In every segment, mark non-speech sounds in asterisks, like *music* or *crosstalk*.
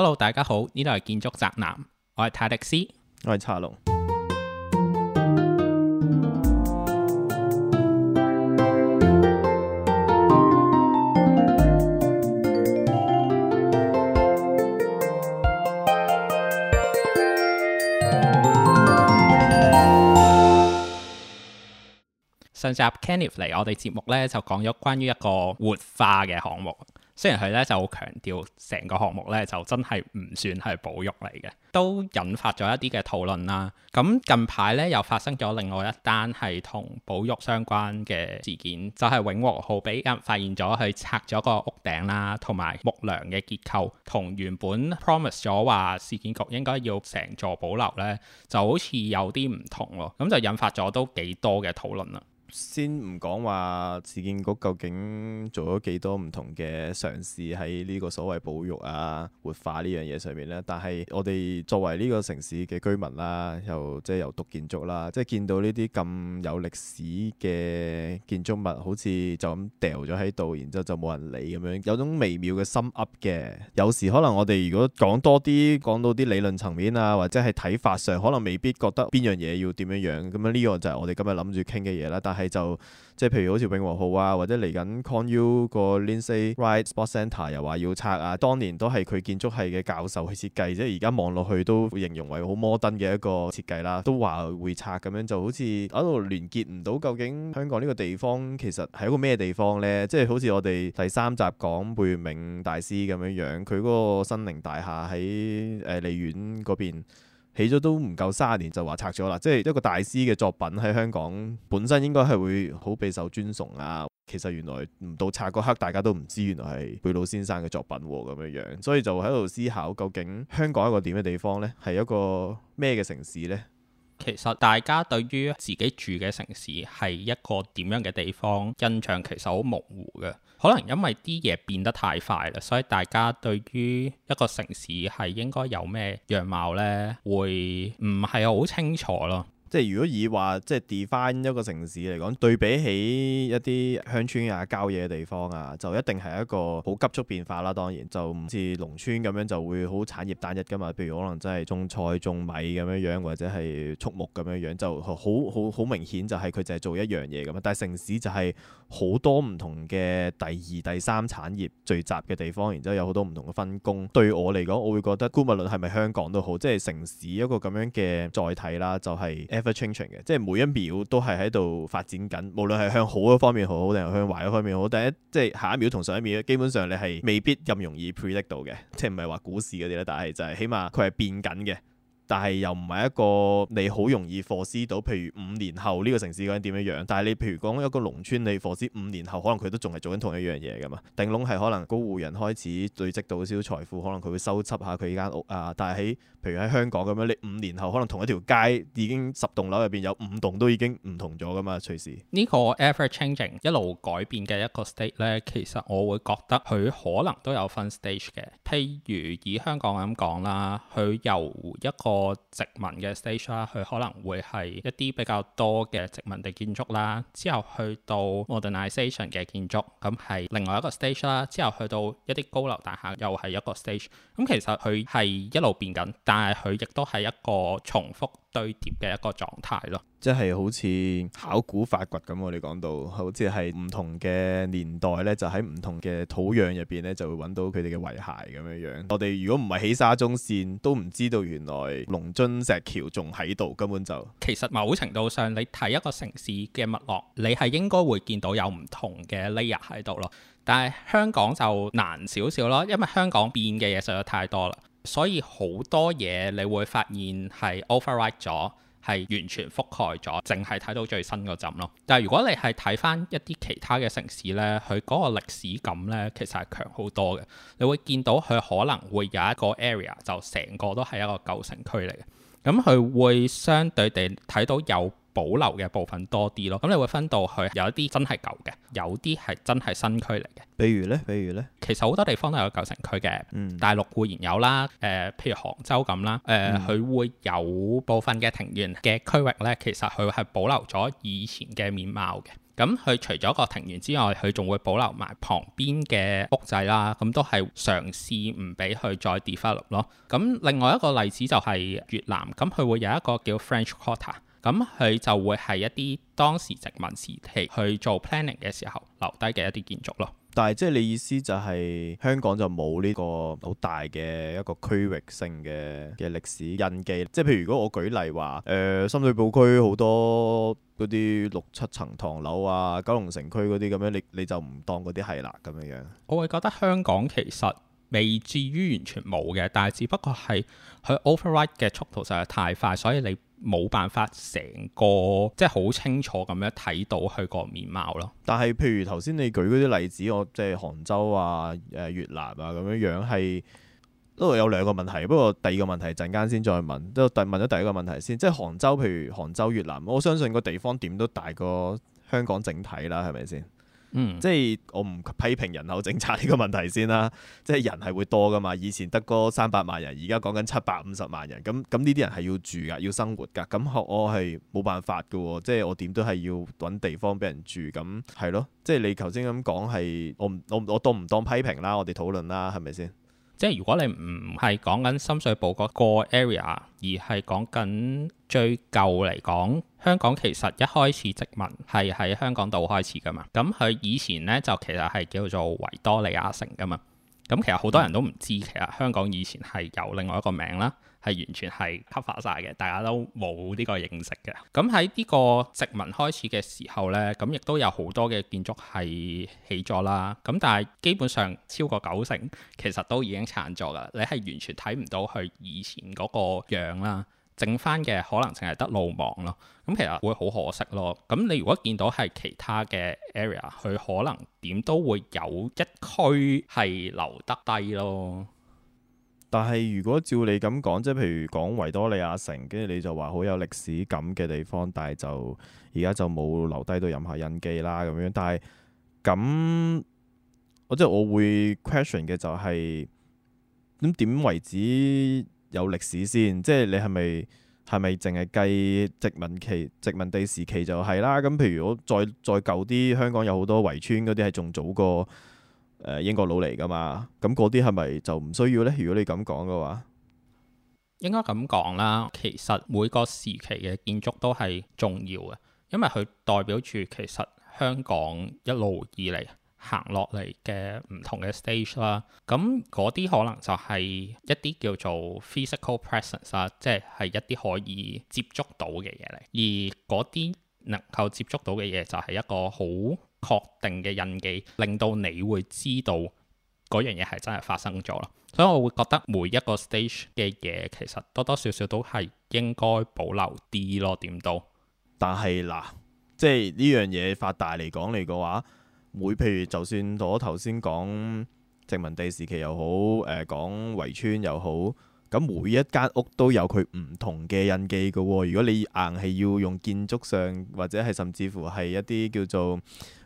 Hello，大家好，呢度係建築宅男，我係泰迪斯，我係查龍。上集 Kenneth 嚟我哋節目呢，就講咗關於一個活化嘅項目。雖然佢咧就強調成個項目咧就真係唔算係保育嚟嘅，都引發咗一啲嘅討論啦。咁近排咧又發生咗另外一單係同保育相關嘅事件，就係永和號俾發現咗佢拆咗個屋頂啦，同埋木梁嘅結構，同原本 promise 咗話事件局應該要成座保留咧，就好似有啲唔同喎。咁就引發咗都幾多嘅討論啦。先唔講話市建局究竟做咗幾多唔同嘅嘗試喺呢個所謂保育啊活化呢樣嘢上面咧，但係我哋作為呢個城市嘅居民啦，又即係又讀建築啦，即係見到呢啲咁有歷史嘅建築物，好似就咁掉咗喺度，然之後就冇人理咁樣，有種微妙嘅心噏嘅。有時可能我哋如果講多啲，講到啲理論層面啊，或者係睇法上，可能未必覺得邊樣嘢要點樣樣咁樣。呢個就係我哋今日諗住傾嘅嘢啦，但係係就即係譬如好似永和號啊，或者嚟緊 Con U 個 Lindsay Ride Sports Centre 又話要拆啊。當年都係佢建築系嘅教授去設計，即係而家望落去都形容為好摩登嘅一個設計啦，都話會拆咁樣，就好似喺度連結唔到。究竟香港呢個地方其實係一個咩地方呢？即係好似我哋第三集講貝聿銘大師咁樣樣，佢嗰個新寧大廈喺誒利園嗰邊。呃起咗都唔夠三十年就話拆咗啦，即係一個大師嘅作品喺香港本身應該係會好備受尊崇啊。其實原來唔到拆嗰刻，大家都唔知原來係貝魯先生嘅作品喎、啊，咁樣樣。所以就喺度思考，究竟香港一個點嘅地方呢？係一個咩嘅城市呢？其實大家對於自己住嘅城市係一個點樣嘅地方，印象其實好模糊嘅，可能因為啲嘢變得太快啦，所以大家對於一個城市係應該有咩樣貌呢？會唔係好清楚咯。即係如果以話即係 define 一個城市嚟講，對比起一啲鄉村啊、郊野嘅地方啊，就一定係一個好急速變化啦。當然就唔似農村咁樣就會好產業單一噶嘛。譬如可能真係種菜、種米咁樣樣，或者係畜牧咁樣樣，就好好好明顯就係佢淨係做一樣嘢咁啊。但係城市就係好多唔同嘅第二、第三產業聚集嘅地方，然之後有好多唔同嘅分工。對我嚟講，我會覺得姑勿論係咪香港都好，即係城市一個咁樣嘅載體啦，就係、是 ever changing 嘅，即係每一秒都係喺度發展緊，無論係向好嘅方面好，定係向壞嘅方面好，第一即係下一秒同上一秒，基本上你係未必咁容易 predict 到嘅，即係唔係話股市嗰啲咧，但係就係起碼佢係變緊嘅。但係又唔係一個你好容易 foresight 到，譬如五年後呢個城市究竟點樣樣？但係你譬如講一個農村，你 foresight 五年後可能佢都仲係做緊同一樣嘢噶嘛？定窿係可能高戶人開始累積到少少財富，可能佢會收執下佢呢間屋啊。但係喺譬如喺香港咁樣，你五年後可能同一條街已經十棟樓入邊有五棟都已經唔同咗噶嘛？隨時呢個 ever changing 一路改變嘅一個 state 咧，其實我會覺得佢可能都有分 stage 嘅。譬如以香港咁講啦，佢由一個個殖民嘅 stage 啦，佢可能會係一啲比較多嘅殖民地建築啦，之後去到 modernisation 嘅建築，咁係另外一個 stage 啦，之後去到一啲高樓大廈，又係一個 stage。咁其實佢係一路變緊，但係佢亦都係一個重複堆疊嘅一個狀態咯。即係好似考古發掘咁，我哋講到，好似係唔同嘅年代咧，就喺唔同嘅土壤入邊咧，就會揾到佢哋嘅遺骸咁樣樣。我哋如果唔係起沙中線，都唔知道原來龍津石橋仲喺度，根本就……其實某程度上，你睇一個城市嘅脈絡，你係應該會見到有唔同嘅 layer 喺度咯。但係香港就難少少咯，因為香港變嘅嘢實在太多啦，所以好多嘢你會發現係 override 咗。係完全覆蓋咗，淨係睇到最新嗰陣咯。但係如果你係睇翻一啲其他嘅城市呢，佢嗰個歷史感呢，其實係強好多嘅。你會見到佢可能會有一個 area，就成個都係一個舊城區嚟嘅，咁、嗯、佢會相對地睇到有。保留嘅部分多啲咯，咁你會分到佢，有一啲真係舊嘅，有啲係真係新區嚟嘅。比如呢，比如咧，其實好多地方都有舊城區嘅，嗯、大陸固然有啦，誒、呃，譬如杭州咁啦，誒、呃，佢、嗯、會有部分嘅庭園嘅區域呢，其實佢係保留咗以前嘅面貌嘅。咁佢除咗個庭園之外，佢仲會保留埋旁邊嘅屋仔啦，咁都係嘗試唔俾佢再 develop 咯。咁另外一個例子就係越南，咁佢會有一個叫 French Quarter。咁佢就會係一啲當時殖民時期去做 planning 嘅時候留低嘅一啲建築咯。但係即係你意思就係香港就冇呢個好大嘅一個區域性嘅嘅歷史印記。即係譬如如果我舉例話，誒、呃、深水埗區好多嗰啲六七層唐樓啊，九龍城區嗰啲咁樣，你你就唔當嗰啲係啦咁樣樣。我會覺得香港其實。未至於完全冇嘅，但係只不過係佢 override 嘅速度實在太快，所以你冇辦法成個即係好清楚咁樣睇到佢個面貌咯。但係譬如頭先你舉嗰啲例子，我即係杭州啊、誒、呃、越南啊咁樣樣，係都有兩個問題。不過第二個問題陣間先再問，都第問咗第一個問題先，即係杭州，譬如杭州、越南，我相信個地方點都大過香港整體啦，係咪先？嗯，即係我唔批評人口政策呢個問題先啦。即係人係會多㗎嘛，以前得嗰三百萬人，而家講緊七百五十萬人。咁咁呢啲人係要住㗎，要生活㗎。咁我我係冇辦法嘅喎。即係我點都係要揾地方俾人住。咁係咯。即係你頭先咁講係我唔我我，我當唔當批評啦？我哋討論啦，係咪先？即係如果你唔係講緊深水埗嗰個 area，而係講緊。最舊嚟講，香港其實一開始殖民係喺香港島開始噶嘛。咁佢以前呢，就其實係叫做維多利亞城噶嘛。咁其實好多人都唔知，其實香港以前係有另外一個名啦，係完全係黑化晒嘅，大家都冇呢個認識嘅。咁喺呢個殖民開始嘅時候呢，咁亦都有好多嘅建築係起咗啦。咁但係基本上超過九成其實都已經殘咗啦。你係完全睇唔到佢以前嗰個樣啦。剩翻嘅可能淨係得路網咯，咁其實會好可惜咯。咁你如果你見到係其他嘅 area，佢可能點都會有一區係留得低咯。但係如果照你咁講，即係譬如講維多利亞城，跟住你就話好有歷史感嘅地方，但係就而家就冇留低到任何印記啦咁樣。但係咁，我即係我會 question 嘅就係咁點為止？有歷史先，即係你係咪係咪淨係計殖民期殖民地時期就係啦？咁譬如我再再舊啲，香港有好多圍村嗰啲係仲早過、呃、英國佬嚟噶嘛？咁嗰啲係咪就唔需要呢？如果你咁講嘅話，應該咁講啦。其實每個時期嘅建築都係重要嘅，因為佢代表住其實香港一路以嚟行落嚟嘅唔同嘅 stage 啦，咁嗰啲可能就係一啲叫做 physical presence 啦，即係一啲可以接觸到嘅嘢嚟，而嗰啲能夠接觸到嘅嘢就係一個好確定嘅印記，令到你會知道嗰樣嘢係真係發生咗咯。所以我會覺得每一個 stage 嘅嘢其實多多少少都係應該保留啲咯，點都。但係嗱，即係呢樣嘢發大嚟講，嚟嘅話。每譬如就算我頭先講殖民地時期又好，誒、呃、講圍村又好，咁每一間屋都有佢唔同嘅印記嘅喎、哦。如果你硬係要用建築上或者係甚至乎係一啲叫做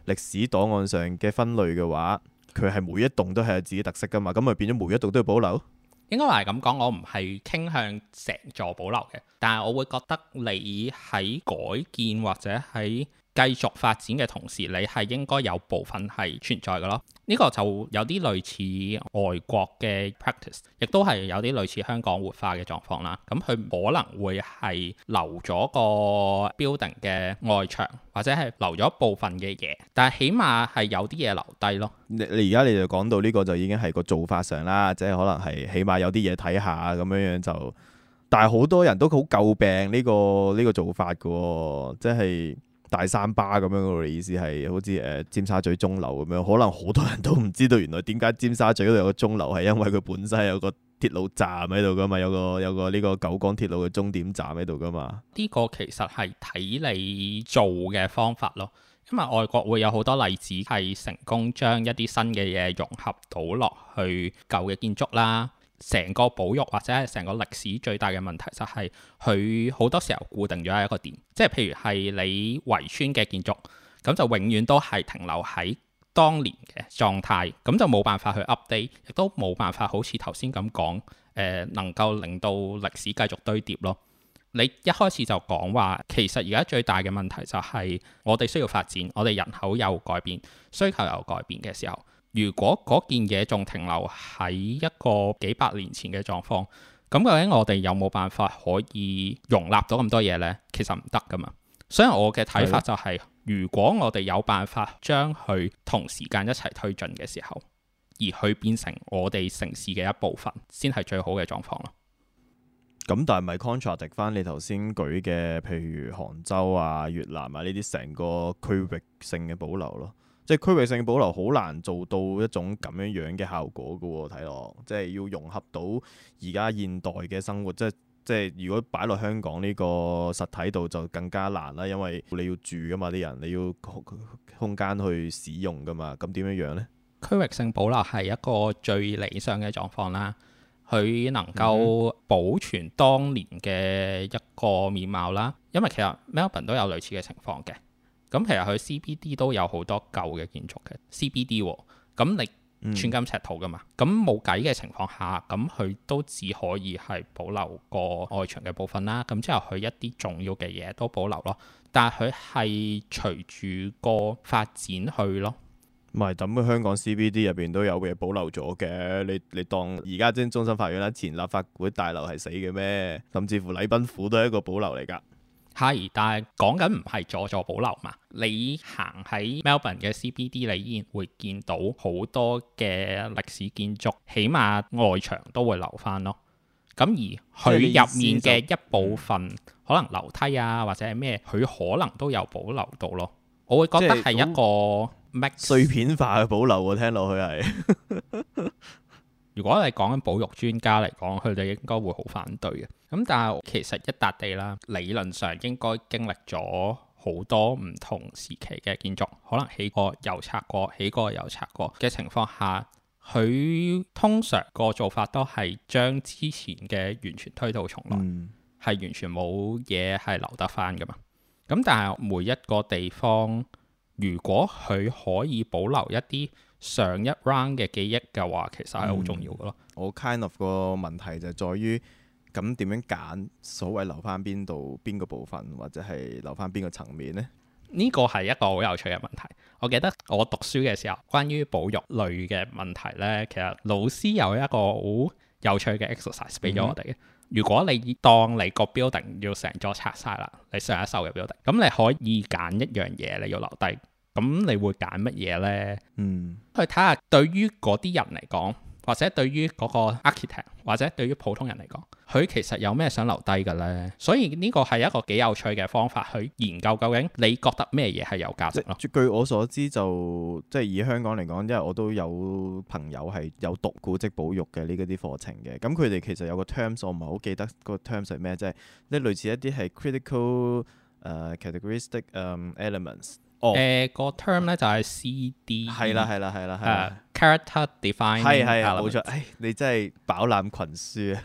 歷史檔案上嘅分類嘅話，佢係每一棟都係有自己特色㗎嘛，咁咪變咗每一棟都要保留？應該話係咁講，我唔係傾向成座保留嘅，但係我會覺得你喺改建或者喺繼續發展嘅同時，你係應該有部分係存在嘅咯。呢、這個就有啲類似外國嘅 practice，亦都係有啲類似香港活化嘅狀況啦。咁、嗯、佢可能會係留咗個 building 嘅外牆，或者係留咗部分嘅嘢，但係起碼係有啲嘢留低咯。你你而家你就講到呢個，就已經係個做法上啦，即係可能係起碼有啲嘢睇下咁樣樣就，但係好多人都好詬病呢、這個呢、這個做法嘅、哦，即係。大三巴咁樣嘅意思係好似誒、尖沙咀鐘樓咁樣，可能好多人都唔知道原來點解尖沙咀嗰度有個鐘樓，係因為佢本身有個鐵路站喺度噶嘛，有個有個呢個九廣鐵路嘅終點站喺度噶嘛。呢個其實係睇你做嘅方法咯，因為外國會有好多例子係成功將一啲新嘅嘢融合到落去舊嘅建築啦。成個保育或者係成個歷史最大嘅問題就係佢好多時候固定咗一個點，即係譬如係你圍村嘅建築，咁就永遠都係停留喺當年嘅狀態，咁就冇辦法去 update，亦都冇辦法好似頭先咁講，誒、呃、能夠令到歷史繼續堆疊咯。你一開始就講話，其實而家最大嘅問題就係我哋需要發展，我哋人口有改變，需求有改變嘅時候。如果嗰件嘢仲停留喺一個幾百年前嘅狀況，咁究竟我哋有冇辦法可以容納到咁多嘢呢？其實唔得噶嘛。所以我嘅睇法就係、是，的如果我哋有辦法將佢同時間一齊推進嘅時候，而去變成我哋城市嘅一部分，先係最好嘅狀況咯。咁、嗯、但係咪 contradict 翻你頭先舉嘅，譬如杭州啊、越南啊呢啲成個區域性嘅保留咯？即係區域性保留好難做到一種咁樣樣嘅效果㗎喎，睇落即係要融合到而家現代嘅生活，即係即係如果擺落香港呢個實體度就更加難啦，因為你要住㗎嘛啲人，你要空空間去使用㗎嘛，咁點樣樣咧？區域性保留係一個最理想嘅狀況啦，佢能夠保存當年嘅一個面貌啦，嗯、因為其實 Melbourne 都有類似嘅情況嘅。咁其實佢 CBD 都有好多舊嘅建築嘅，CBD 喎，咁、哦、你寸金尺土噶嘛，咁冇計嘅情況下，咁佢都只可以係保留個外牆嘅部分啦，咁之後佢一啲重要嘅嘢都保留咯，但係佢係隨住個發展去咯。咪咁香港 CBD 入邊都有嘅保留咗嘅，你你當而家即係終審法院啦，前立法會大樓係死嘅咩？甚至乎禮賓府都係一個保留嚟㗎。係，但係講緊唔係座座保留嘛。你行喺 Melbourne 嘅 CBD，你依然會見到好多嘅歷史建築，起碼外牆都會留翻咯。咁而佢入面嘅一部分，可能樓梯啊或者係咩，佢可能都有保留到咯。我會覺得係一個碎片化嘅保留喎、啊，聽落去係。 *laughs* 如果你講緊保育專家嚟講，佢哋應該會好反對嘅。咁、嗯、但係其實一笪地啦，理論上應該經歷咗好多唔同時期嘅建築，可能起過又拆過，起過又拆過嘅情況下，佢通常個做法都係將之前嘅完全推倒重來，係、嗯、完全冇嘢係留得返㗎嘛。咁、嗯、但係每一個地方，如果佢可以保留一啲，上一 round 嘅記憶嘅話，其實係好重要嘅咯、嗯。我 kind of 個問題就係在於，咁點樣揀？所謂留翻邊度、邊個部分，或者係留翻邊個層面呢？呢個係一個好有趣嘅問題。我記得我讀書嘅時候，關於保育類嘅問題呢，其實老師有一個好有趣嘅 exercise 俾咗我哋嘅。嗯、如果你當你個 building 要成座拆晒啦，你上一修嘅 building，咁你可以揀一樣嘢你要留低。咁你會揀乜嘢呢？嗯，去睇下對於嗰啲人嚟講，或者對於嗰個 architect 或者對於普通人嚟講，佢其實有咩想留低嘅呢？所以呢個係一個幾有趣嘅方法去研究究竟你覺得咩嘢係有價值咯。據我所知就，就即係以香港嚟講，因為我都有朋友係有讀古跡保育嘅呢啲課程嘅。咁佢哋其實有個 terms，我唔係好記得個 terms 係咩，即係啲類似一啲係 critical 誒、uh, characteristic、um, elements。哦，誒、呃那個 term 咧就係 C.D. 係啦，係啦，係啦，係、uh, character defining element 的係啊，冇錯。誒 Element、哎，你真係飽覽群書啊。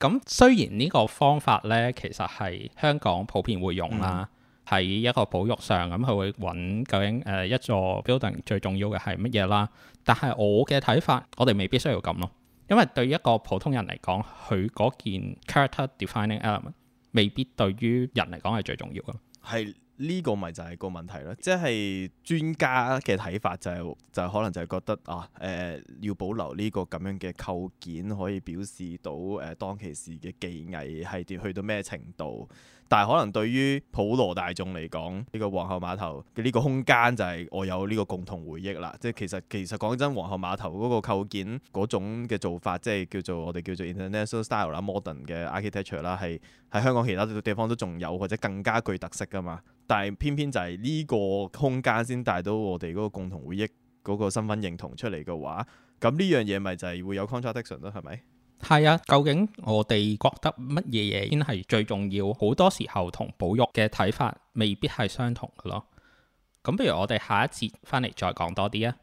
咁 *laughs* 雖然呢個方法咧，其實係香港普遍會用啦，喺、嗯、一個保育上咁，佢會揾究竟誒一座 building 最重要嘅係乜嘢啦。但係我嘅睇法，我哋未必需要咁咯，因為對於一個普通人嚟講，佢嗰件 character defining element 未必對於人嚟講係最重要噶。係呢、這個咪就係個問題咯，即係專家嘅睇法就係、是、就可能就係覺得啊誒、呃、要保留呢個咁樣嘅構件，可以表示到誒、呃、當其時嘅技藝係去到咩程度？但係可能對於普羅大眾嚟講，呢個皇后碼頭嘅呢個空間就係我有呢個共同回憶啦。即係其實其實講真，皇后碼頭嗰個構建嗰種嘅做法，即係叫做我哋叫做 international style 啦、modern 嘅 architecture 啦，係喺香港其他地方都仲有或者更加具特色噶嘛。但係偏偏就係呢個空間先帶到我哋嗰個共同回憶、嗰個身份認同出嚟嘅話，咁呢樣嘢咪就係會有 contradiction 咯，係咪？係啊，究竟我哋覺得乜嘢嘢先係最重要？好多時候同保育嘅睇法未必係相同嘅咯。咁不如我哋下一節返嚟再講多啲啊。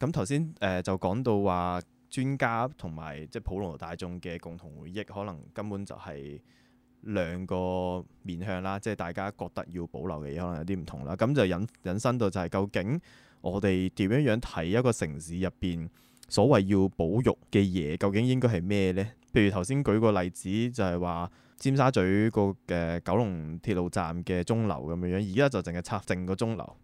咁頭先誒就講到話，專家同埋即係普羅大眾嘅共同回憶，可能根本就係兩個面向啦。即係大家覺得要保留嘅嘢，可能有啲唔同啦。咁就引引申到就係究竟我哋點樣樣睇一個城市入邊所謂要保育嘅嘢，究竟應該係咩呢？譬如頭先舉個例子，就係話尖沙咀個誒九龍鐵路站嘅鐘樓咁樣樣，而家就淨係拆剩個鐘樓，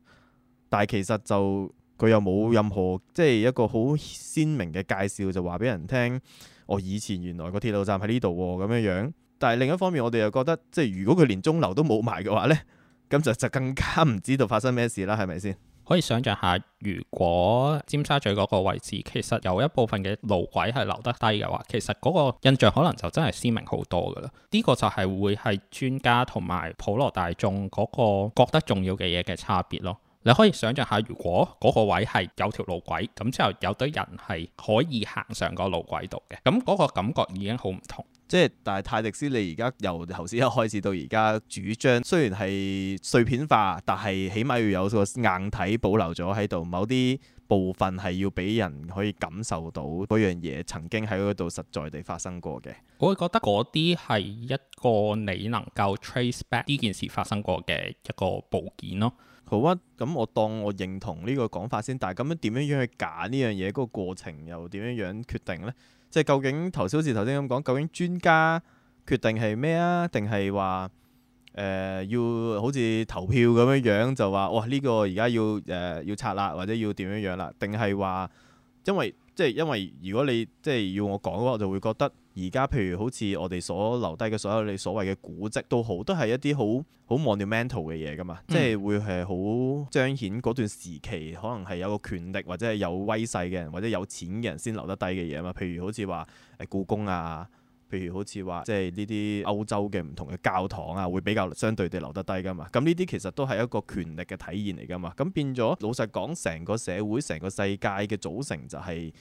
但係其實就佢又冇任何即係一個好鮮明嘅介紹，就話俾人聽，我、哦、以前原來個鐵路站喺呢度喎，咁樣樣。但係另一方面，我哋又覺得，即係如果佢連鐘樓都冇埋嘅話呢，咁就就更加唔知道發生咩事啦，係咪先？可以想象下，如果尖沙咀嗰個位置其實有一部分嘅路軌係留得低嘅話，其實嗰個印象可能就真係鮮明好多噶啦。呢、這個就係會係專家同埋普羅大眾嗰個覺得重要嘅嘢嘅差別咯。你可以想象下，如果嗰個位係有條路軌，咁之後有堆人係可以行上個路軌度嘅，咁嗰個感覺已經好唔同。即係，但係泰迪斯，你而家由頭先一開始到而家主張，雖然係碎片化，但係起碼要有個硬體保留咗喺度，某啲部分係要俾人可以感受到嗰樣嘢曾經喺嗰度實在地發生過嘅。我會覺得嗰啲係一個你能夠 trace back 呢件事發生過嘅一個部件咯。好屈咁，我當我認同呢個講法先。但係咁樣點樣樣去揀呢樣嘢？嗰個過程又點樣樣決定呢？即係究竟頭先好似頭先咁講，究竟專家決定係咩啊？定係話誒要好似投票咁樣樣就話哇呢個而家要誒要拆啦，或者要點樣樣啦？定係話因為即係因為如果你即係要我講嘅話，我就會覺得。而家譬如好似我哋所留低嘅所有你所謂嘅古蹟都好，都係一啲好好 monumental 嘅嘢噶嘛。嗯、即係會係好彰顯嗰段時期，可能係有個權力或者係有威勢嘅人或者有錢嘅人先留得低嘅嘢嘛。譬如好似話，誒故宮啊，譬如好似話即係呢啲歐洲嘅唔同嘅教堂啊，會比較相對地留得低噶嘛。咁呢啲其實都係一個權力嘅體現嚟噶嘛。咁變咗老實講，成個社會成個世界嘅組成就係、是。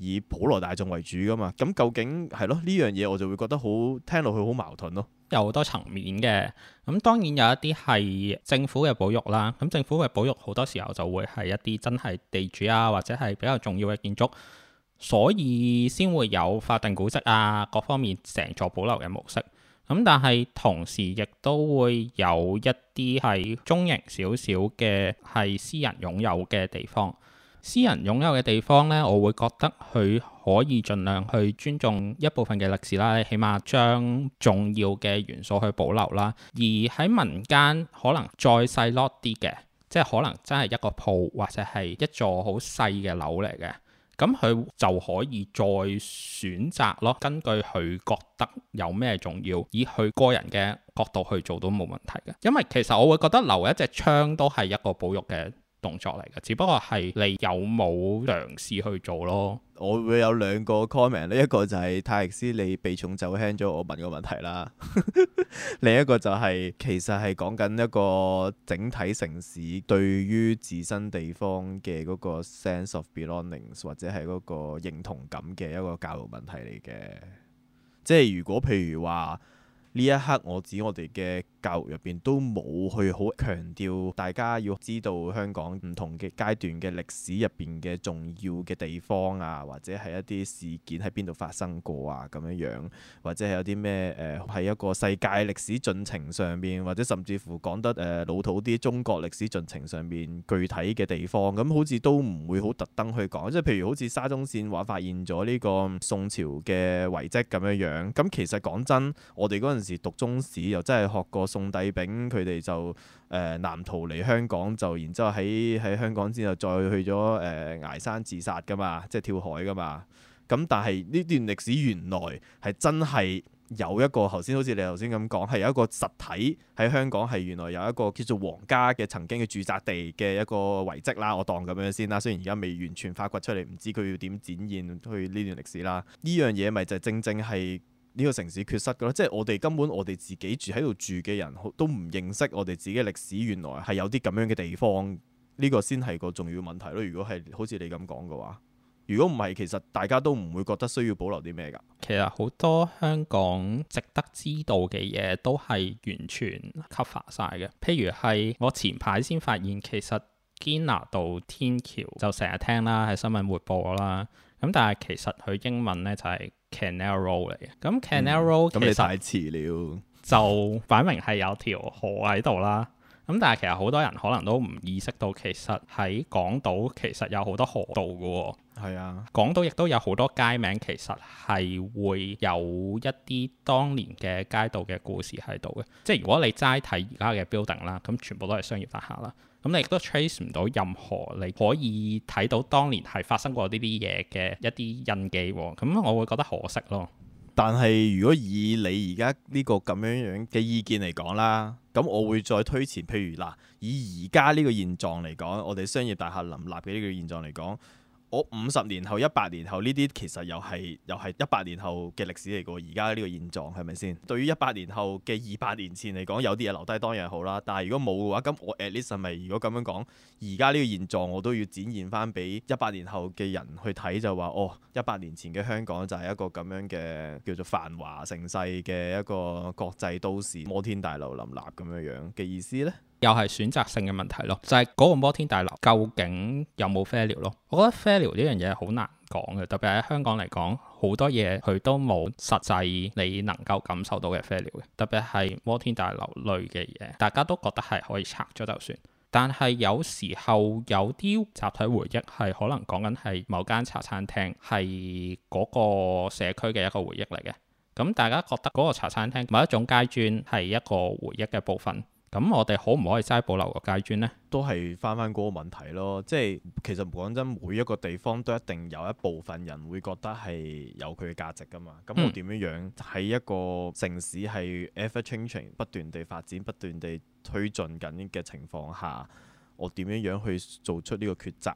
以普羅大眾為主㗎嘛，咁究竟係咯呢樣嘢，我就會覺得好聽落去好矛盾咯。有好多層面嘅，咁當然有一啲係政府嘅保育啦。咁政府嘅保育好多時候就會係一啲真係地主啊，或者係比較重要嘅建築，所以先會有法定古蹟啊，各方面成座保留嘅模式。咁但係同時亦都會有一啲係中型少少嘅，係私人擁有嘅地方。私人擁有嘅地方呢，我會覺得佢可以盡量去尊重一部分嘅歷史啦，起碼將重要嘅元素去保留啦。而喺民間可能再細粒啲嘅，即係可能真係一個鋪或者係一座好細嘅樓嚟嘅，咁佢就可以再選擇咯，根據佢覺得有咩重要，以佢個人嘅角度去做都冇問題嘅。因為其實我會覺得留一隻窗都係一個保育嘅。動作嚟嘅，只不過係你有冇嘗試去做咯。我會有兩個 comment 咧，一個就係泰勒斯你避重就輕咗我問個問題啦。 *laughs* 另一個就係、是、其實係講緊一個整體城市對於自身地方嘅嗰個 sense of belonging 或者係嗰個認同感嘅一個教育問題嚟嘅。即係如果譬如話呢一刻我指我哋嘅。教育入邊都冇去好強調大家要知道香港唔同嘅階段嘅歷史入邊嘅重要嘅地方啊，或者係一啲事件喺邊度發生過啊咁樣樣，或者係有啲咩誒喺一個世界歷史進程上邊，或者甚至乎講得誒老土啲，中國歷史進程上面具體嘅地方，咁好似都唔會好特登去講，即係譬如好似沙中線話發現咗呢個宋朝嘅遺跡咁樣樣，咁其實講真，我哋嗰陣時讀中史又真係學過。宋帝昺佢哋就誒、呃、南逃嚟香港，就然之後喺喺香港之後再去咗誒崖山自殺噶嘛，即係跳海噶嘛。咁、嗯、但係呢段歷史原來係真係有一個頭先好似你頭先咁講，係有一個實體喺香港係原來有一個叫做皇家嘅曾經嘅住宅地嘅一個遺跡啦。我當咁樣先啦，雖然而家未完全發掘出嚟，唔知佢要點展現去呢段歷史啦。呢樣嘢咪就係正正係。呢個城市缺失嘅咯，即係我哋根本我哋自己住喺度住嘅人都唔認識我哋自己嘅歷史，原來係有啲咁樣嘅地方，呢個先係個重要問題咯。如果係好似你咁講嘅話，如果唔係，其實大家都唔會覺得需要保留啲咩㗎。其實好多香港值得知道嘅嘢都係完全 cover 晒嘅，譬如係我前排先發現，其實堅拿道天橋就成日聽啦，喺新聞活報啦，咁但係其實佢英文呢，就係。Canal Road 嚟嘅，咁 Canal Road 其實咁你太遲了，就擺明係有條河喺度啦。咁但係其實好多人可能都唔意識到，其實喺港島其實有好多河道嘅、哦。係啊，港島亦都有好多街名，其實係會有一啲當年嘅街道嘅故事喺度嘅。即係如果你齋睇而家嘅 building 啦，咁全部都係商業大廈啦。咁你亦都 trace 唔到任何你可以睇到當年係發生過呢啲嘢嘅一啲印記喎，咁我會覺得可惜咯。但係如果以你而家呢個咁樣樣嘅意見嚟講啦，咁我會再推前，譬如嗱、啊，以而家呢個現狀嚟講，我哋商業大廈林立嘅呢個現狀嚟講。我五十年後、一百年後呢啲其實又係又係一百年後嘅歷史嚟㗎喎，而家呢個現狀係咪先？對於一百年後嘅二百年前嚟講，有啲嘢留低當然係好啦，但係如果冇嘅話，咁我 at least 係咪如果咁樣講，而家呢個現狀我都要展現翻俾一百年後嘅人去睇就話哦，一百年前嘅香港就係一個咁樣嘅叫做繁華盛世嘅一個國際都市，摩天大樓林立咁樣樣嘅意思呢？又係選擇性嘅問題咯，就係、是、嗰個摩天大樓究竟有冇 fail 尿咯？我覺得 fail 尿呢樣嘢好難講嘅，特別喺香港嚟講，好多嘢佢都冇實際你能夠感受到嘅 fail 尿嘅，特別係摩天大樓類嘅嘢，大家都覺得係可以拆咗就算。但係有時候有啲集體回憶係可能講緊係某間茶餐廳係嗰個社區嘅一個回憶嚟嘅，咁大家覺得嗰個茶餐廳某一種階磚係一個回憶嘅部分。咁、嗯、我哋可唔可以齋保留個階磚呢？都係翻翻嗰個問題咯。即係其實講真，每一個地方都一定有一部分人會覺得係有佢嘅價值噶嘛。咁我點樣樣喺一個城市係 ever changing 不斷地發展、不斷地推進緊嘅情況下，我點樣樣去做出呢個抉擇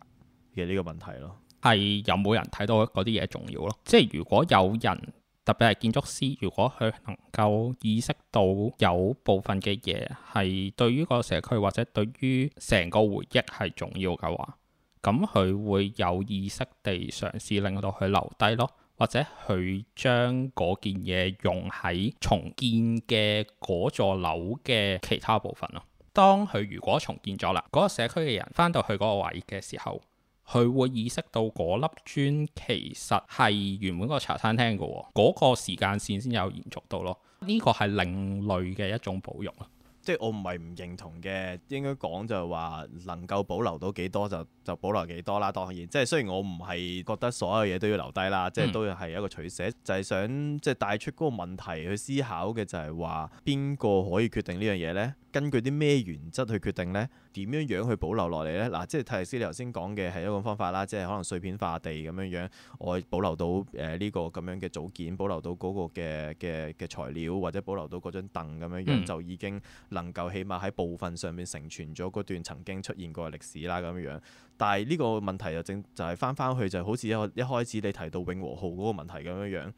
嘅呢個問題咯？係有冇人睇到嗰啲嘢重要咯？即係如果有人。特別係建築師，如果佢能夠意識到有部分嘅嘢係對於個社區或者對於成個回憶係重要嘅話，咁佢會有意識地嘗試令到佢留低咯，或者佢將嗰件嘢用喺重建嘅嗰座樓嘅其他部分咯。當佢如果重建咗啦，嗰個社區嘅人翻到去嗰個位嘅時候。佢會意識到嗰粒磚其實係原本個茶餐廳嘅喎，嗰個時間線先有延續到咯。呢個係另類嘅一種保育啊，即係我唔係唔認同嘅，應該講就係話能夠保留到幾多就就保留幾多啦。當然，即係雖然我唔係覺得所有嘢都要留低啦，即係都要係一個取捨、嗯，就係想即係帶出嗰個問題去思考嘅就係話邊個可以決定呢樣嘢呢？根據啲咩原則去決定呢？點樣樣去保留落嚟呢？嗱、啊，即係泰迪斯你頭先講嘅係一個方法啦，即係可能碎片化地咁樣樣，我保留到誒呢、呃這個咁樣嘅組件，保留到嗰個嘅嘅嘅材料，或者保留到嗰張凳咁樣樣，嗯、就已經能夠起碼喺部分上面成全咗嗰段曾經出現過嘅歷史啦咁樣樣。但係呢個問題就正就係翻翻去，就，是、回回去就好似一開始你提到永和號嗰個問題咁樣樣，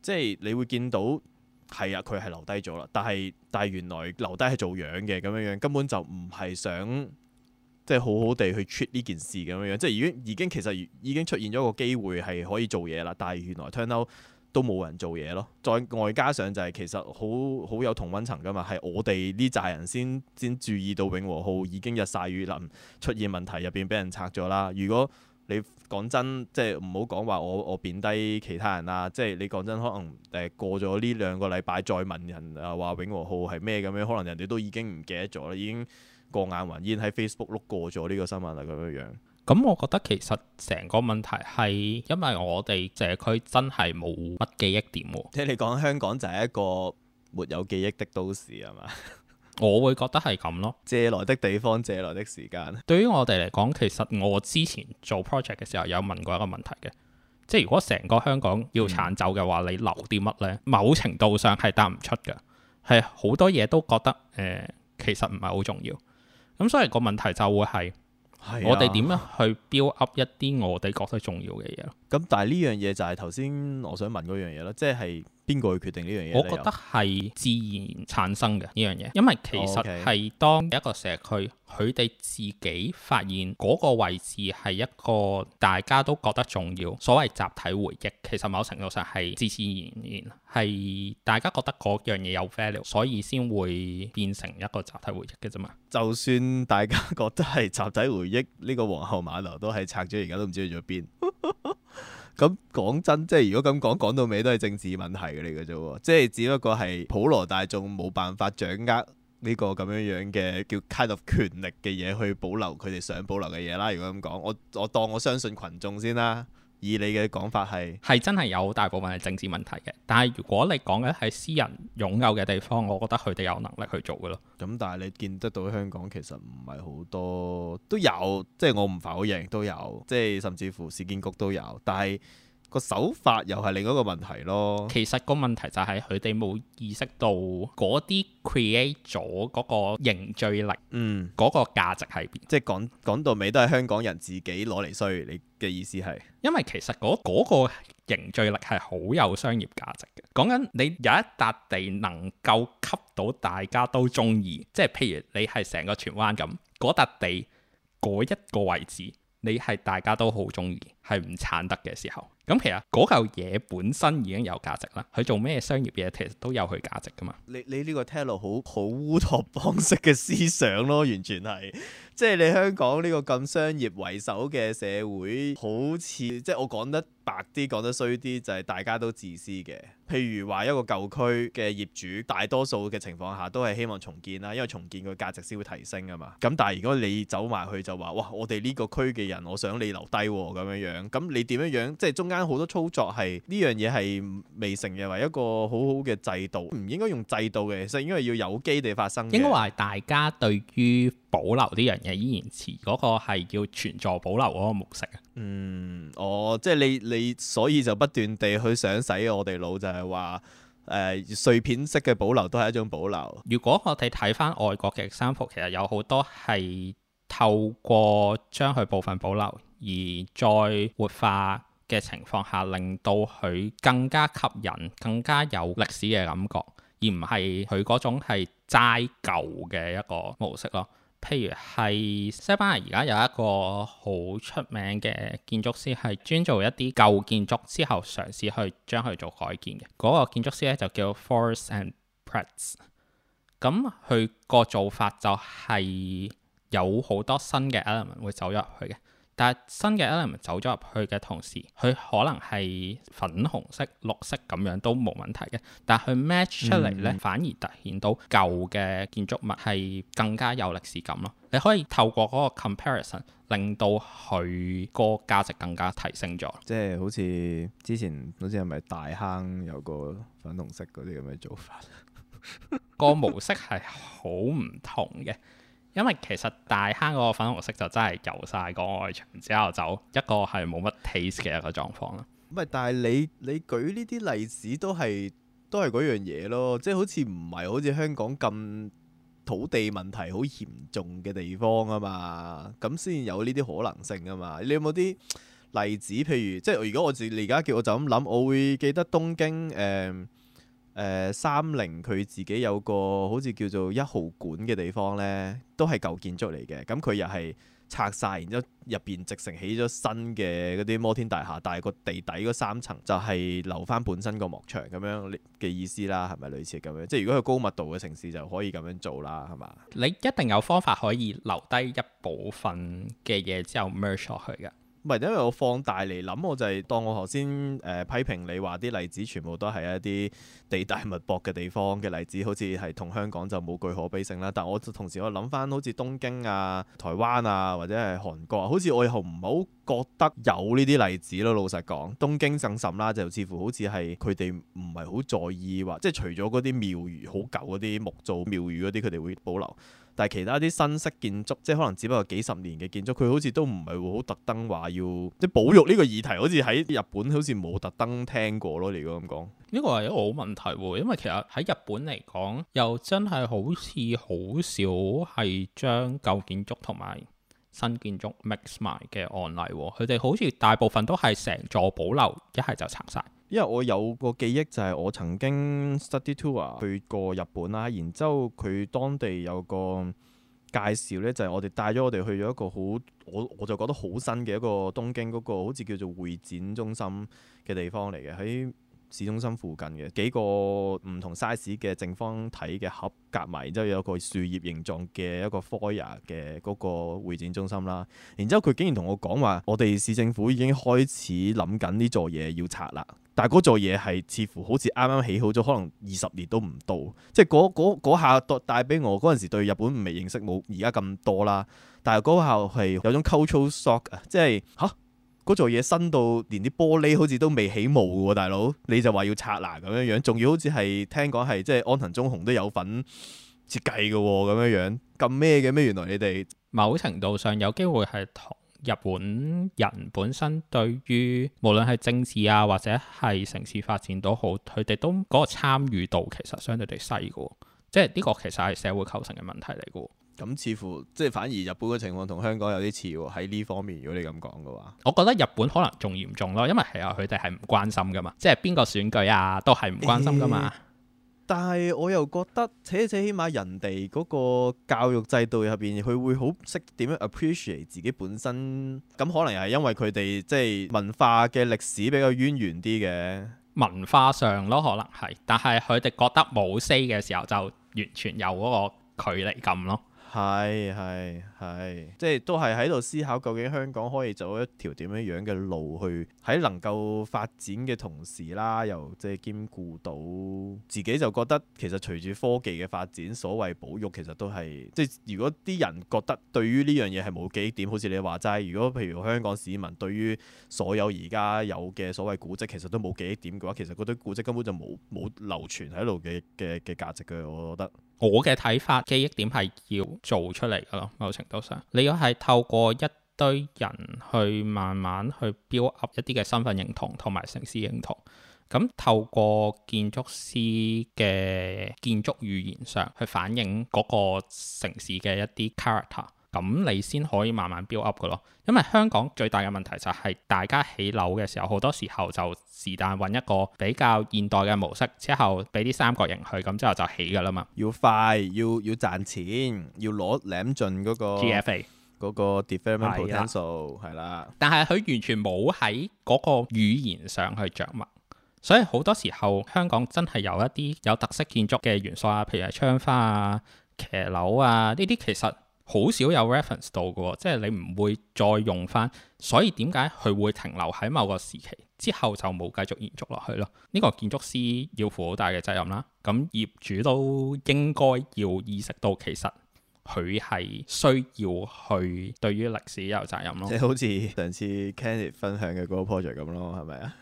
即係你會見到。係啊，佢係留低咗啦，但係但係原來留低係做樣嘅咁樣樣，根本就唔係想即係、就是、好好地去 treat 呢件事咁樣樣。即係而已經其實已經出現咗個機會係可以做嘢啦，但係原來 turn out 都冇人做嘢咯。再外加上就係其實好好有同温層㗎嘛，係我哋呢扎人先先注意到永和號已經日曬雨淋出現問題，入邊俾人拆咗啦。如果你講真，即係唔好講話我我貶低其他人啦。即係你講真，可能誒過咗呢兩個禮拜再問人啊，話永和號係咩咁樣，可能人哋都已經唔記得咗啦，已經過眼雲煙喺 Facebook 碌過咗呢個新聞啦咁樣樣。咁、嗯、我覺得其實成個問題係因為我哋社區真係冇乜記憶點喎。即係你講香港就係一個沒有記憶的都市係嘛？我會覺得係咁咯，借來的地方，借來的時間。對於我哋嚟講，其實我之前做 project 嘅時候有問過一個問題嘅，即係如果成個香港要鏟走嘅話，嗯、你留啲乜呢？某程度上係答唔出嘅，係好多嘢都覺得誒、呃，其實唔係好重要。咁所以個問題就會係、啊，我哋點樣去 build up 一啲我哋覺得重要嘅嘢咯。咁但係呢樣嘢就係頭先我想問嗰樣嘢咯，即係邊個去決定呢樣嘢？我覺得係自然產生嘅呢樣嘢，因為其實係當一個社區佢哋自己發現嗰個位置係一個大家都覺得重要，所謂集體回憶，其實某程度上係自自然然，係大家覺得嗰樣嘢有 value，所以先會變成一個集體回憶嘅啫嘛。就算大家覺得係集體回憶，呢、這個皇后碼頭都係拆咗，而家都唔知去咗邊。咁講真，即係如果咁講，講到尾都係政治問題嚟嘅啫喎，即係只不過係普羅大眾冇辦法掌握呢個咁樣樣嘅叫 kind of 權力嘅嘢去保留佢哋想保留嘅嘢啦。如果咁講，我我當我相信群眾先啦。以你嘅講法係係真係有大部分係政治問題嘅，但係如果你講緊係私人擁有嘅地方，我覺得佢哋有能力去做嘅咯。咁、嗯、但係你見得到香港其實唔係好多，都有即係、就是、我唔否認都有，即係甚至乎市建局都有，但係。個手法又係另一個問題咯。其實個問題就係佢哋冇意識到嗰啲 create 咗嗰個凝聚力，嗯，嗰個價值係邊？即係講講到尾都係香港人自己攞嚟衰。你嘅意思係因為其實嗰個凝聚力係好有商業價值嘅。講緊你有一笪地能夠吸到大家都中意，即係譬如你係成個荃灣咁嗰笪地嗰一個位置，你係大家都好中意，係唔撐得嘅時候。咁其實嗰嚿嘢本身已經有價值啦，佢做咩商業嘢其實都有佢價值㗎嘛。你你呢個聽落好好烏托邦式嘅思想咯，完全係。即係你香港呢個咁商業為首嘅社會，好似即係我講得白啲，講得衰啲，就係大家都自私嘅。譬如話一個舊區嘅業主，大多數嘅情況下都係希望重建啦，因為重建個價值先會提升啊嘛。咁但係如果你走埋去就話哇，我哋呢個區嘅人，我想你留低咁樣樣，咁你點樣樣？即係中間好多操作係呢樣嘢係未成嘅，或一個好好嘅制度唔應該用制度嘅，其實應該要有機地發生。應該話大家對於。保留啲人嘅依然持嗰、那個係叫全座保留嗰個模式。嗯，哦，即係你你所以就不斷地去想洗我哋腦就係話，誒、呃，碎片式嘅保留都係一種保留。如果我哋睇翻外國嘅 example，其實有好多係透過將佢部分保留而再活化嘅情況下，令到佢更加吸引、更加有歷史嘅感覺，而唔係佢嗰種係齋舊嘅一個模式咯。譬如係西班牙，而家有一個好出名嘅建築師，係專做一啲舊建築之後，嘗試去將佢做改建嘅。嗰個建築師咧就叫 Forest and Press。咁佢個做法就係有好多新嘅 element 會走入去嘅。但係新嘅 element 走咗入去嘅同時，佢可能係粉紅色、綠色咁樣都冇問題嘅。但係佢 match 出嚟咧，嗯、反而凸顯到舊嘅建築物係更加有歷史感咯。你可以透過嗰個 comparison 令到佢個價值更加提升咗。即係好似之前好似係咪大坑有個粉紅色嗰啲咁嘅做法？嗰 *laughs* 個模式係好唔同嘅。因為其實大坑嗰個粉紅色就真係油晒個外牆，之後就一個係冇乜 taste 嘅一個狀況啦。唔係，但係你你舉呢啲例子都係都係嗰樣嘢咯，即係好似唔係好似香港咁土地問題好嚴重嘅地方啊嘛，咁先有呢啲可能性啊嘛。你有冇啲例子？譬如即係如果我自你而家叫我就咁諗，我會記得東京誒。呃誒三菱佢自己有個好似叫做一號館嘅地方呢，都係舊建築嚟嘅。咁佢又係拆晒，然之後入邊直成起咗新嘅嗰啲摩天大廈，但係個地底嗰三層就係留翻本身個幕牆咁樣嘅意思啦，係咪類似咁樣？即係如果佢高密度嘅城市就可以咁樣做啦，係嘛？你一定有方法可以留低一部分嘅嘢之後 merge 落去㗎。唔係，因為我放大嚟諗，我就係當我頭先誒批評你話啲例子全部都係一啲地大物博嘅地方嘅例子，好似係同香港就冇具可比性啦。但我同時我諗翻，好似東京啊、台灣啊或者係韓國啊，好似我以後唔係好覺得有呢啲例子咯。老實講，東京更甚，甚啦，就似乎好似係佢哋唔係好在意，或即係除咗嗰啲廟宇好舊嗰啲木造廟宇嗰啲，佢哋會保留。但係其他啲新式建築，即係可能只不過幾十年嘅建築，佢好似都唔係會好特登話要即係保育呢個議題，好似喺日本好似冇特登聽過咯。如果咁講，呢個係一個好問題喎。因為其實喺日本嚟講，又真係好似好少係將舊建築同埋新建築 mix 埋嘅案例。佢哋好似大部分都係成座保留一係就拆晒。因為我有個記憶就係我曾經 study tour 去過日本啦，然之後佢當地有個介紹呢，就係我哋帶咗我哋去咗一個好我我就覺得好新嘅一個東京嗰個好似叫做會展中心嘅地方嚟嘅喺。市中心附近嘅幾個唔同 size 嘅正方體嘅盒夾埋，然之後有個樹葉形狀嘅一個 foyer 嘅嗰個會展中心啦。然之後佢竟然同我講話，我哋市政府已經開始諗緊呢座嘢要拆啦。但係嗰座嘢係似乎好似啱啱起好咗，可能二十年都唔到。即係嗰下帶帶俾我嗰陣時對日本未認識冇而家咁多啦。但係嗰下係有種 cultural shock 啊！即係嚇。嗰座嘢新到，連啲玻璃好似都未起霧，大佬你就話要拆嗱咁樣樣，仲要好似係聽講，係即係安藤忠雄都有份設計嘅咁樣樣咁咩嘅咩？原來，原來你哋某程度上有機會係同日本人本身對於無論係政治啊或者係城市發展都好，佢哋都嗰個參與度其實相對地細嘅，即係呢個其實係社會構成嘅問題嚟嘅。咁似乎即係反而日本嘅情況同香港有啲似喎，喺呢方面如果你咁講嘅話，我覺得日本可能仲嚴重咯，因為係啊，佢哋係唔關心噶嘛，即係邊個選舉啊都係唔關心噶嘛。但係我又覺得扯一扯，起碼人哋嗰個教育制度入邊，佢會好識點樣 appreciate 自己本身。咁可能係因為佢哋即係文化嘅歷史比較淵源啲嘅文化上咯，可能係。但係佢哋覺得冇 say 嘅時候，就完全有嗰個距離感咯。係係係，即係都係喺度思考究竟香港可以走一條點樣樣嘅路去喺能夠發展嘅同時啦，又即係兼顧到自己就覺得其實隨住科技嘅發展，所謂保育其實都係即係如果啲人覺得對於呢樣嘢係冇記憶點，好似你話齋，如果譬如香港市民對於所有而家有嘅所謂古蹟其實都冇記憶點嘅話，其實嗰堆古蹟根本就冇冇流傳喺度嘅嘅嘅價值嘅，我覺得。我嘅睇法，記憶點係要做出嚟嘅咯，某程度上，你要係透過一堆人去慢慢去 build up 一啲嘅身份認同同埋城市認同，咁透過建築師嘅建築語言上去反映嗰個城市嘅一啲 character。咁你先可以慢慢 build up 㗎咯，因為香港最大嘅問題就係大家起樓嘅時候，好多時候就是但揾一個比較現代嘅模式，之後俾啲三角形去，咁之後就起㗎啦嘛。要快，要要賺錢，要攞攬盡嗰個 GFA 嗰個 development 的 potential 係啦。但係佢完全冇喺嗰個語言上去着墨，所以好多時候香港真係有一啲有特色建築嘅元素啊，譬如係窗花啊、騎樓啊呢啲其實。好少有 reference 到嘅、哦，即係你唔會再用翻，所以點解佢會停留喺某個時期之後就冇繼續延續落去咯？呢、呢個建築師要負好大嘅責任啦。咁業主都應該要意識到，其實佢係需要去對於歷史有責任咯。即係好似上次 Candy 分享嘅嗰個 project 咁咯，係咪啊？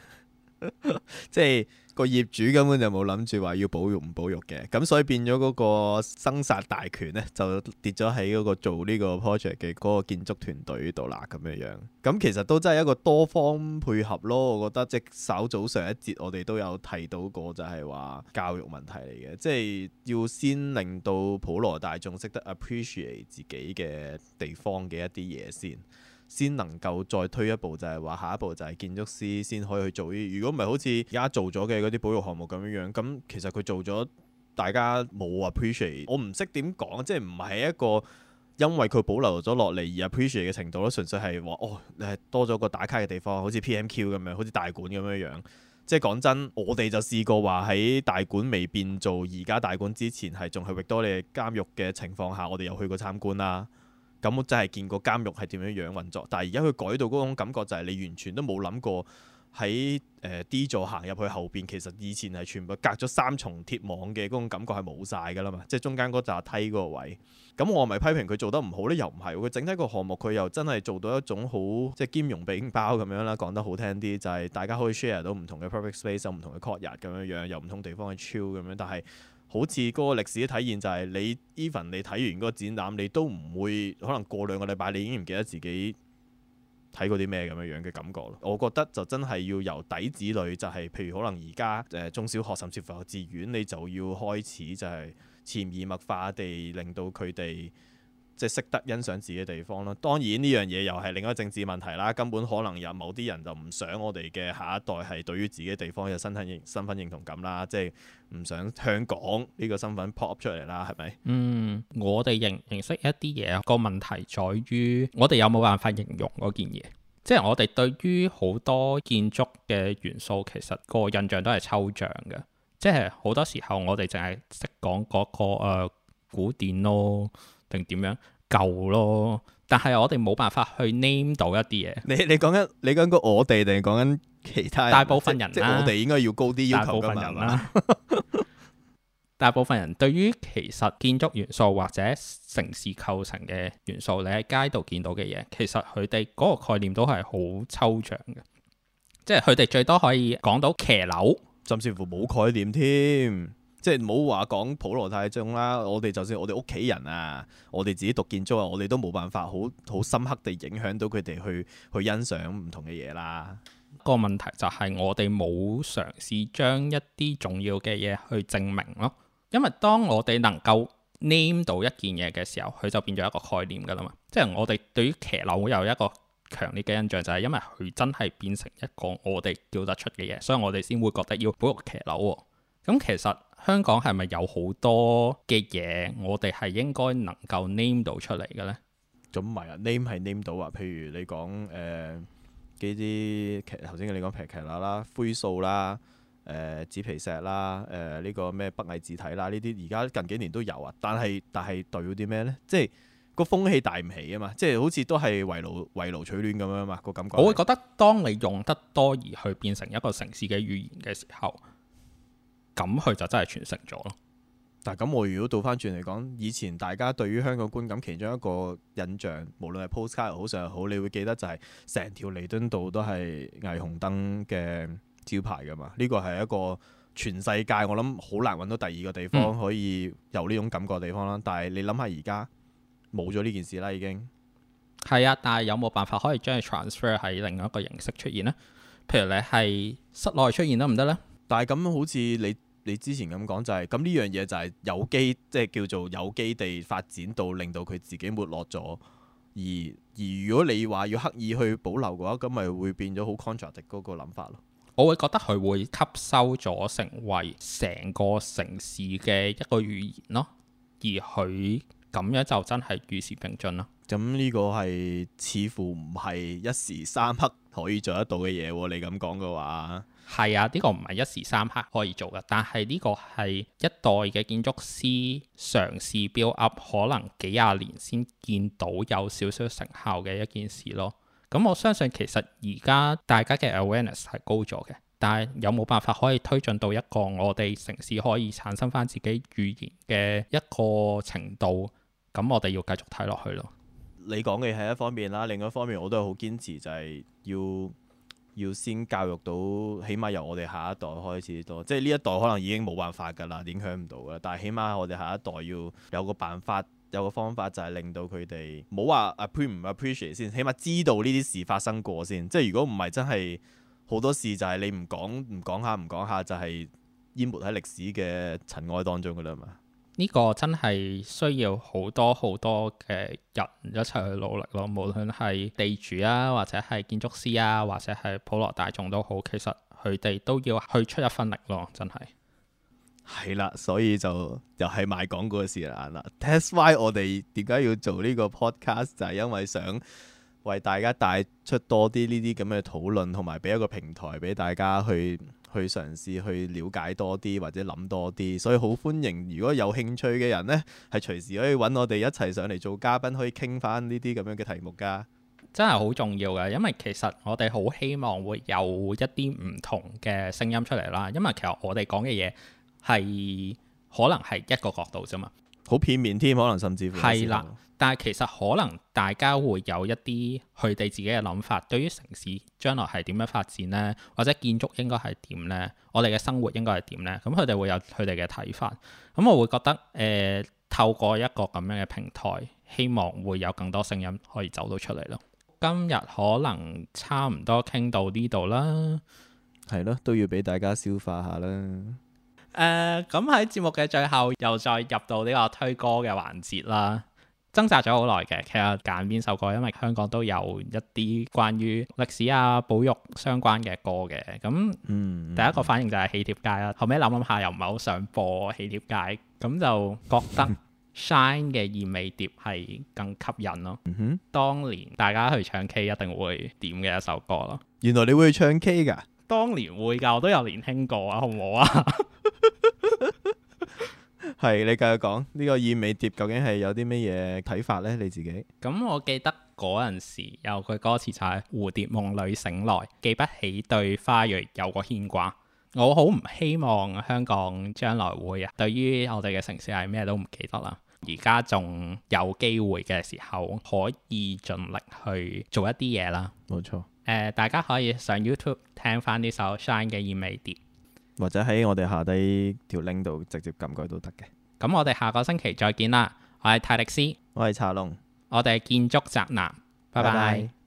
*laughs* 即係。個業主根本就冇諗住話要保育唔保育嘅，咁所以變咗嗰個生殺大權咧就跌咗喺嗰個做呢個 project 嘅嗰個建築團隊度啦，咁樣樣。咁其實都真係一個多方配合咯，我覺得即係稍早上一節我哋都有提到過，就係話教育問題嚟嘅，即係要先令到普羅大眾識得 appreciate 自己嘅地方嘅一啲嘢先。先能夠再推一步，就係話下一步就係建築師先可以去做呢。如果唔係好似而家做咗嘅嗰啲保育項目咁樣樣，咁其實佢做咗大家冇 appreciate。我唔識點講，即係唔係一個因為佢保留咗落嚟而 appreciate 嘅程度咯。純粹係話哦，你係多咗個打卡嘅地方，好似 PMQ 咁樣，好似大館咁樣樣。即係講真，我哋就試過話喺大館未變做而家大館之前，係仲係域多利監獄嘅情況下，我哋有去過參觀啦。咁我真係見過監獄係點樣樣運作，但係而家佢改到嗰種感覺就係你完全都冇諗過喺誒 D 座行入去後邊，其實以前係全部隔咗三重鐵網嘅嗰種感覺係冇晒㗎啦嘛，即係中間嗰紮梯嗰個位。咁我咪批評佢做得唔好呢？又唔係，佢整體個項目佢又真係做到一種好即係兼容並包咁樣啦。講得好聽啲就係、是、大家可以 share 到唔同嘅 public space，有唔同嘅 court yard 咁樣樣，有唔同地方嘅 chill 咁樣，但係。好似嗰個歷史嘅體現就係你 even 你睇完嗰個展覽，你都唔會可能過兩個禮拜，你已經唔記得自己睇過啲咩咁樣樣嘅感覺咯。我覺得就真係要由底子裏就係、是、譬如可能而家誒中小學甚至乎幼稚園，你就要開始就係潛移默化地令到佢哋。即係識得欣賞自己地方咯。當然呢樣嘢又係另一個政治問題啦。根本可能有某啲人就唔想我哋嘅下一代係對於自己地方嘅身份認身份認同感啦，即係唔想香港呢個身份 pop 出嚟啦，係咪？嗯，我哋認認識一啲嘢啊。個問題在於我哋有冇辦法形容嗰件嘢？即係我哋對於好多建築嘅元素，其實個印象都係抽象嘅。即係好多時候我哋就係識講嗰個、呃、古典咯。點樣救咯。但係我哋冇辦法去 name 到一啲嘢。你你講緊你講緊我哋定係講緊其他人？大部分人啦，我哋應該要高啲要求嘅嘛。大部分人對於其實建築元素或者城市構成嘅元素，你喺街度見到嘅嘢，其實佢哋嗰個概念都係好抽象嘅，即係佢哋最多可以講到騎樓，甚至乎冇概念添。即係唔好話講普羅大眾啦。我哋就算我哋屋企人啊，我哋自己讀建築啊，我哋都冇辦法好好深刻地影響到佢哋去去欣賞唔同嘅嘢啦。個問題就係我哋冇嘗試將一啲重要嘅嘢去證明咯。因為當我哋能夠 name 到一件嘢嘅時候，佢就變咗一個概念㗎啦嘛。即係我哋對於騎樓會有一個強烈嘅印象，就係、是、因為佢真係變成一個我哋叫得出嘅嘢，所以我哋先會覺得要保育騎樓。咁、嗯、其實～香港係咪有好多嘅嘢，我哋係應該能夠 name 到出嚟嘅呢？咁咪啊，name 係 name 到啊！譬如你講誒、呃、呢啲頭先你講劈奇啦、灰素啦、誒、呃、紙皮石啦、誒、呃、呢、這個咩北魏字體啦，呢啲而家近幾年都有啊。但係但係代表啲咩呢？即係個風氣大唔起啊嘛！即係好似都係圍爐圍爐取暖咁樣嘛，個感覺。我會覺得當你用得多而去變成一個城市嘅語言嘅時候，咁佢就真係傳承咗咯。但，咁我如果倒翻轉嚟講，以前大家對於香港觀感，其中一個印象，無論係 postcard 又好，上又好，你會記得就係成條彌敦道都係霓虹燈嘅招牌噶嘛。呢個係一個全世界我諗好難揾到第二個地方、嗯、可以有呢種感覺地方啦。但係你諗下而家冇咗呢件事啦，已經係啊，但係有冇辦法可以將佢 transfer 喺另外一個形式出現呢？譬如你係室內出現得唔得呢？但係咁，好似你你之前咁講，就係咁，呢樣嘢就係有機，即係叫做有機地發展到令到佢自己沒落咗，而而如果你話要刻意去保留嘅話，咁咪會變咗好 contradict 嗰個諗法咯。我會覺得佢會吸收咗成為成個城市嘅一個語言咯，而佢咁樣就真係與時並進啦。咁呢個係似乎唔係一時三刻可以做得到嘅嘢。你咁講嘅話，係啊，呢個唔係一時三刻可以做嘅，但係呢個係一代嘅建築師嘗試 build up，可能幾廿年先見到有少少成效嘅一件事咯。咁我相信其實而家大家嘅 awareness 係高咗嘅，但係有冇辦法可以推進到一個我哋城市可以產生翻自己語言嘅一個程度？咁我哋要繼續睇落去咯。你講嘅係一方面啦，另一方面我都係好堅持就，就係要要先教育到，起碼由我哋下一代開始多。即係呢一代可能已經冇辦法㗎啦，影響唔到㗎啦。但係起碼我哋下一代要有個辦法，有個方法就係令到佢哋冇話 appreciate 唔 appreciate 先,起碼知道呢啲事發生過先。即係如果唔係真係好多事就，就係你唔講唔講下唔講下，下就係淹沒喺歷史嘅塵埃當中㗎啦嘛。呢個真係需要好多好多嘅人一齊去努力咯，無論係地主啊，或者係建築師啊，或者係普羅大眾都好，其實佢哋都要去出一份力咯，真係。係啦，所以就又係賣廣告嘅事啦。嗱，That's why 我哋點解要做呢個 podcast 就係因為想為大家帶出多啲呢啲咁嘅討論，同埋俾一個平台俾大家去。去嘗試去了解多啲或者諗多啲，所以好歡迎如果有興趣嘅人呢，係隨時可以揾我哋一齊上嚟做嘉賓，可以傾翻呢啲咁樣嘅題目㗎，真係好重要嘅，因為其實我哋好希望會有一啲唔同嘅聲音出嚟啦，因為其實我哋講嘅嘢係可能係一個角度啫嘛。好片面添，可能甚至乎係啦。但係其實可能大家會有一啲佢哋自己嘅諗法，對於城市將來係點樣發展咧，或者建築應該係點咧，我哋嘅生活應該係點咧，咁佢哋會有佢哋嘅睇法。咁我會覺得誒、呃、透過一個咁樣嘅平台，希望會有更多聲音可以走到出嚟咯。今日可能差唔多傾到呢度啦，係咯，都要俾大家消化下啦。誒，咁喺節目嘅最後又再入到呢個推歌嘅環節啦，掙扎咗好耐嘅。其實揀邊首歌，因為香港都有一啲關於歷史啊、保育相關嘅歌嘅。咁，嗯，嗯，第一個反應就係、是《喜帖街》啦。後尾諗諗下，又唔係好想播《喜帖街》，咁就覺得《Shine》嘅《燕尾蝶》係更吸引咯。嗯哼，當年大家去唱 K 一定會點嘅一首歌咯。原來你會去唱 K 噶？當年會噶，我都有年輕過啊，好唔好啊？ *laughs* 係，你繼續講呢、這個《燕尾蝶》究竟係有啲咩嘢睇法呢？你自己咁、嗯，我記得嗰陣時有句歌詞就係、是《蝴蝶夢裏醒來》，記不起對花蕊有個牽掛。我好唔希望香港將來會對於我哋嘅城市係咩都唔記得啦。而家仲有機會嘅時候，可以盡力去做一啲嘢啦。冇錯，誒、呃，大家可以上 YouTube 聽翻呢首《Shine》嘅《燕尾蝶》。.或者喺我哋下低條 link 度直接撳佢都得嘅。咁我哋下個星期再見啦。我係泰力斯，我係茶龍，我哋係建築宅男。拜拜。拜拜。